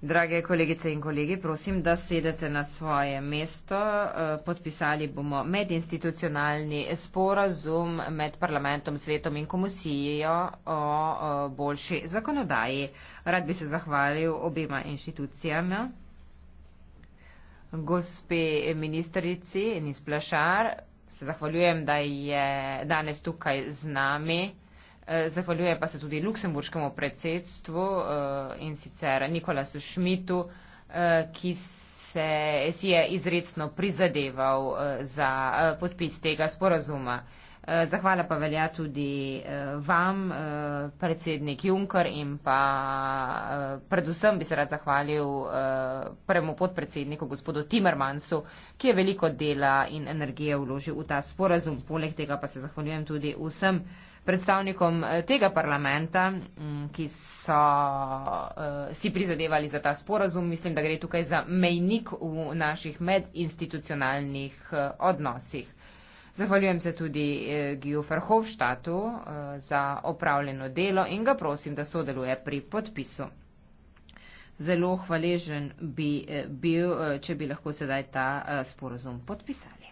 Drage kolegice in kolegi, prosim, da sedete na svoje mesto. Eh, podpisali bomo medinstitucionalni sporazum med parlamentom, svetom in komisijo o eh, boljši zakonodaji. Rad bi se zahvalil obima inštitucijama. Gospe ministrici Nisplašar, se zahvaljujem, da je danes tukaj z nami. Eh, zahvaljuje pa se tudi luksemburškemu predsedstvu eh, in sicer Nikolasu Šmitu, eh, ki se si je izredno prizadeval za podpis tega sporazuma. Zahvala pa velja tudi vam, predsednik Juncker in pa predvsem bi se rad zahvalil prvemu podpredsedniku gospodu Timmermansu, ki je veliko dela in energije vložil v ta sporazum. Poleg tega pa se zahvaljujem tudi vsem predstavnikom eh, tega parlamenta, mm, ki so eh, si prizadevali za ta sporazum. Mislim, da gre tukaj za mejnik v naših medinstitucionalnih eh, odnosih. Zahvaljujem se tudi Giju Ferhovštatu za opravljeno delo in ga prosim, da sodeluje pri podpisu zelo hvaležen bi eh, bil, eh, če bi lahko sedaj ta eh, sporozum podpisali.